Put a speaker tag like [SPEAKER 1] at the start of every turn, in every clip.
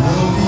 [SPEAKER 1] will be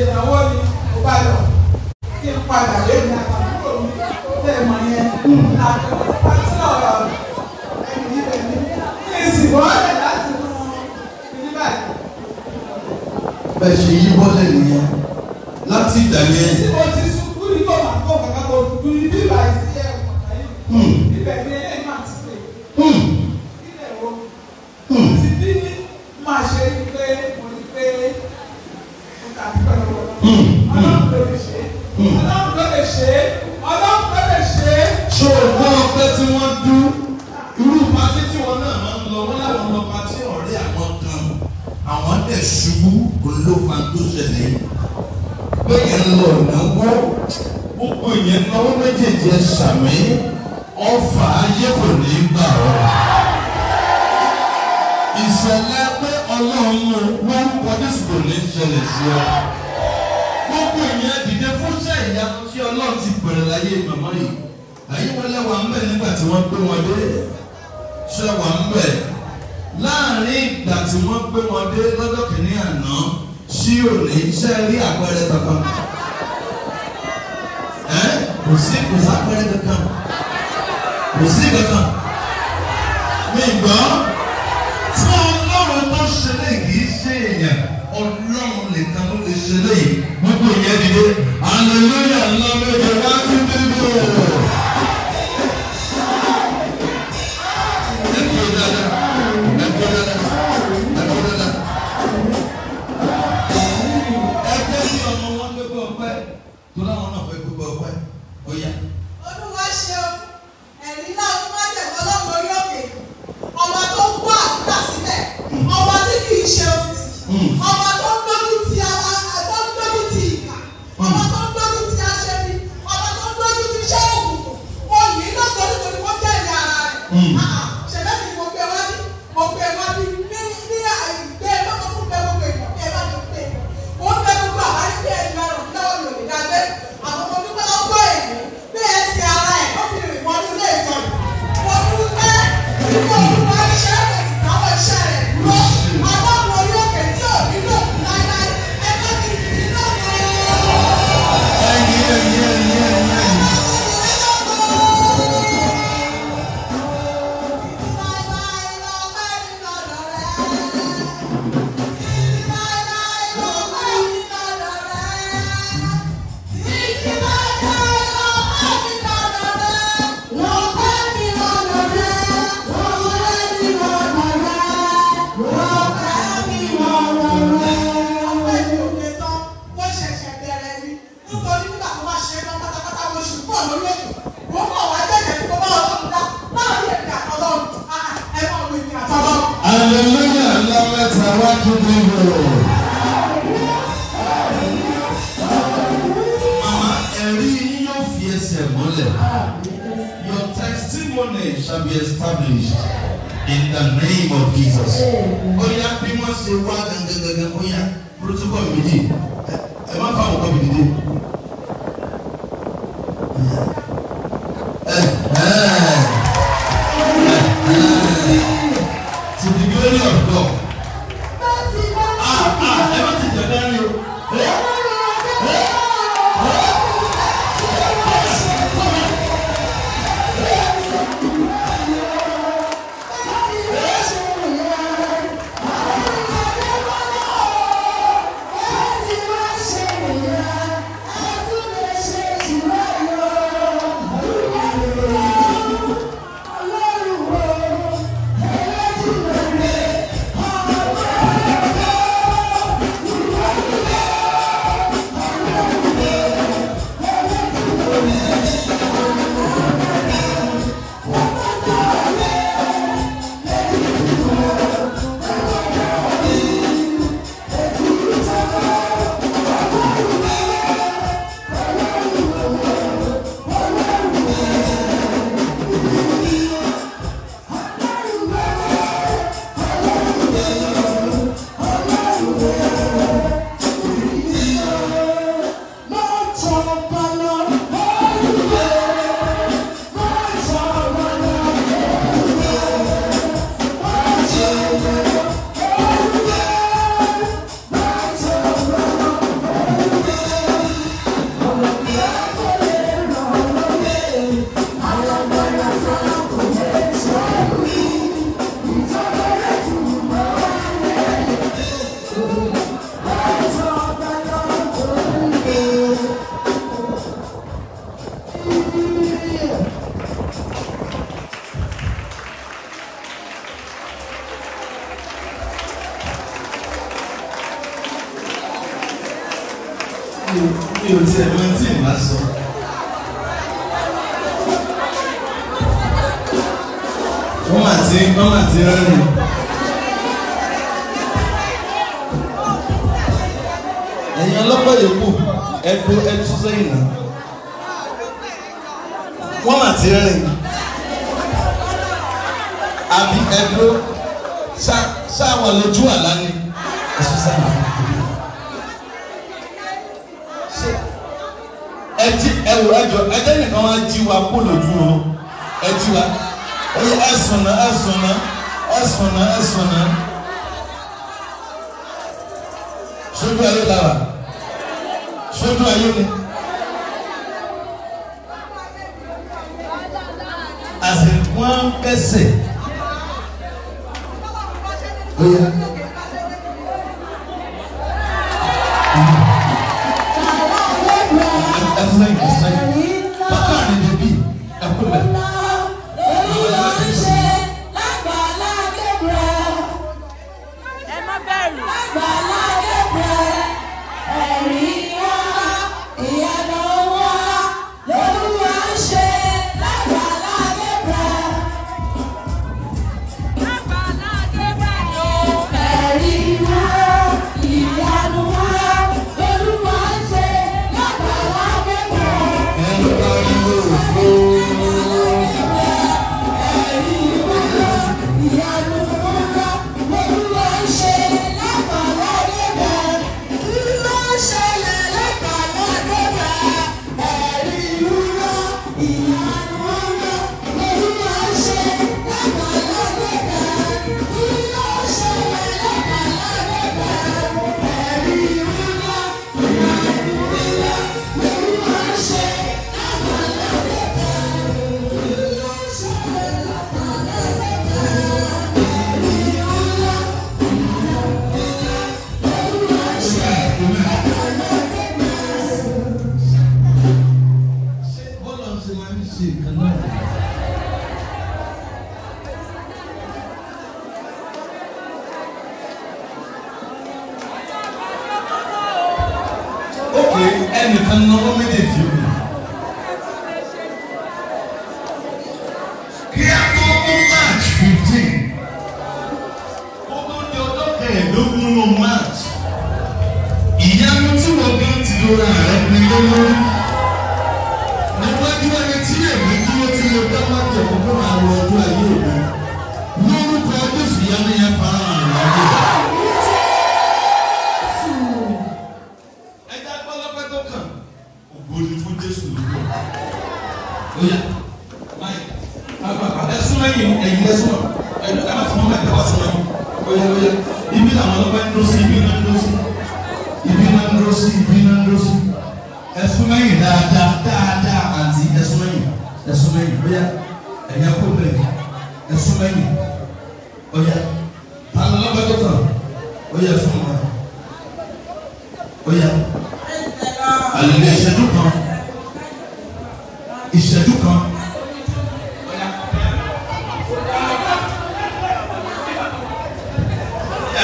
[SPEAKER 2] ìnáwó mi mo bá lọ kí n padà lé mi àtàkùrọ̀ mi tẹ̀ mọ̀ yẹn àtàkùrọ̀ àti ọ̀rọ̀ ẹni ibẹ̀ kí n sì bọ́lẹ̀ láti mú ibi báyìí. bẹ́ẹ̀ ṣe yí bọ́lẹ̀ nìyẹn láti ìgbà yẹn. tí mo ti sunkún ní kò kó kàkà kó dùn ní bíbá ìsí ẹ̀ wọ̀nyí hmm. ibẹ̀ ẹ̀ máa ti pè é. Hmm. ló fa tó ṣẹlẹ̀ lóye ńlọ náwó gbogbo ìyẹn náwó méjèèjì ẹ sàmì ọfà ayé kò ní gbà ọ́. ìṣẹ̀lẹ̀ pé ọlọ́run wọn kọjú sí kò ní ṣẹlẹ̀ sí ọ. gbogbo ìyẹn dìde fúnṣẹ́ ìyanu tí ọlọ́run ti bẹ̀rẹ̀ láyé màmá yìí. àyè wọlé wa ń nígbà tí wọ́n gbé wọn dé ṣé wà ń bẹ̀ ìgbà tí wọ́n gbé wọn dé lọ́dọ̀ kìnìún àná sí òní iṣẹ́ rí àpẹẹrẹ kankan kò sí kò sápẹẹrẹ kankan kò sí kankan mi gbọ́ tí ọlọ́run tó ṣe lè kì í ṣe èèyàn ọlọ́run nìkan ló lè ṣe lè gbogbo ìyẹn dìde hallelujah lọ́wọ́ ìjọba ti dé bò. ọmọ wọn gbégbé ọpẹ́ tó láwọn náà fẹ́ gbégbé ọpẹ́ ó yá. Hallelujah ńlá mẹ́ta wá tó dé ìlú. Màmá ẹ̀rí yóò fi ẹsẹ̀ mọ́lẹ̀. Your testimony shall be established in the name of Jesus. Ó bí wọ́n ṣe wá gangan gangan ó yá protocol méjì. Ẹ má fáwọn kọ́ mi dìde.
[SPEAKER 1] mi ò tiẹ̀ mọ tí ìmọ̀
[SPEAKER 2] sọ. wọ́n mà ti wọ́n mà ti rẹ́rìn. ẹ̀yin ọlọ́pàá yòókù ẹ kú ẹ tú sẹ́yìn náà. wọ́n mà ti rẹ́rìn. àbí ẹ dúró ṣáà wà lójú àlá ni. ẹ sọ sáà. wo ẹjọ ẹjẹ nìkan wá jí wa kó lójú o ẹ jí wa oye ẹsùn náà ẹsùn náà ẹsùn náà ẹsùn náà
[SPEAKER 1] sójú ayé lára sójú ayé ni.
[SPEAKER 2] àsìkò wọn kẹsẹ̀. oye.
[SPEAKER 1] march ìyanu tí wọ́n bí ti lóra rẹ̀ ní lọ́wọ́ níwájú ẹni tí èmi dúró tí mo bá má jẹ kókó máa wọ ọdún ayé òde lórúkọ ọdún fìyanu yẹn fara hàn lọ́dún. ẹja pẹlẹpẹ tó kàn ògo ni fún Jésù lóko ó yà máyì bàbá ẹsùn lẹ́yìn ẹ̀yìn
[SPEAKER 2] ẹsùn ẹ ẹ bá fún ọmọ ẹgbẹ́ wá sí lẹ́yìn ó yà ó yà ibi làwọn ọlọ́pàá ń dúró ibi náà ń dúró ibi náà ń dúró ibi náà ń dúró sí ẹsùn mẹ́yìn dáadáa dáadáa àti ẹsùn mẹ́yìn ẹsùn mẹ́yìn bóyá ẹ̀yà kó bẹ̀rẹ̀ ẹsùn mẹ́yìn ọ̀yà tààlà ọlọ́pàá tó tàn
[SPEAKER 1] ọ̀yà ẹsùn mẹ́yìn
[SPEAKER 2] ọ̀yà àlùlẹ̀ ìṣẹ́jú kan ìṣẹ́jú kan.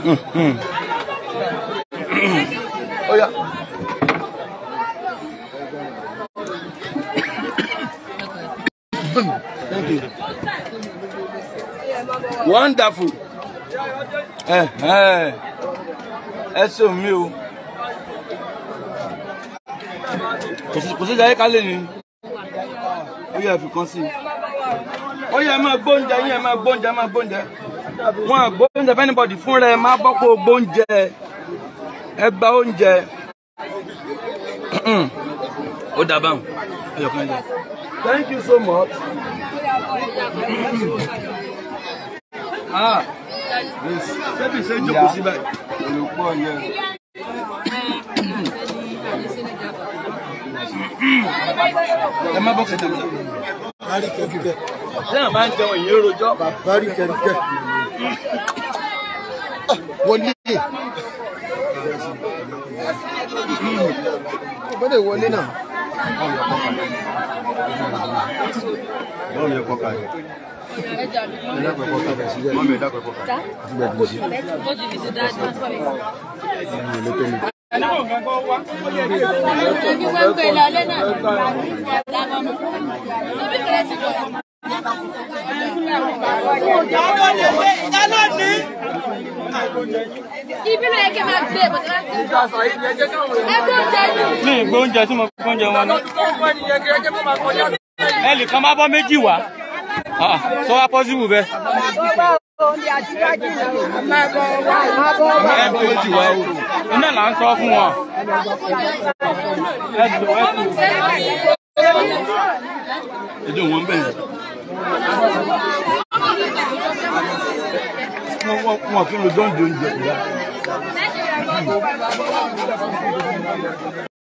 [SPEAKER 2] Thank you. Wonderful. Eh, eh. Ẹ ṣeun mi o. Kò sí jayé kálẹ̀ ni. Ó yẹ ẹ fi kan sí i. Ó yẹ ẹ máa gbóúnjẹ, yín ẹ máa gbóúnjẹ, wọn àgbo oúnjẹ fẹ́nibọ̀dì fúnra ẹ má bọ́ kó o oúnjẹ ẹ gba oúnjẹ ó dábàá ẹyọkan jẹ thank you so much. ah ṣebí ṣe jókòó síbẹ̀. olùkọ́ yẹn. ẹ má bọ́ kẹ̀kẹ́ mi. bá rí kẹ̀kẹ́. ń jẹun ìyẹn rojọ́. bá rí kẹ̀kẹ́ wọlé gbọ́dọ̀ wọlé náà. bọ́ọ̀lù yẹ kọ́ka yẹ. Mọ̀mí ẹ̀dá pẹ̀pọ̀ kàdé. Mọ̀mí ẹ̀dá pẹ̀pọ̀ kàdé. Ibi ìgbé oúnjẹ tí oúnjẹ wọn ni. Ẹ kan máa bọ́ méjì wá. Ah, sọ wá pọ́sibù bẹ́ẹ̀. Ẹ bọ́ méjì wá o. Iná là ń sọ fún wọn. Ẹ dùn wọn bẹ́ẹ̀ wọn kí ló dọ́ǹdó ń jẹ
[SPEAKER 1] ìyá.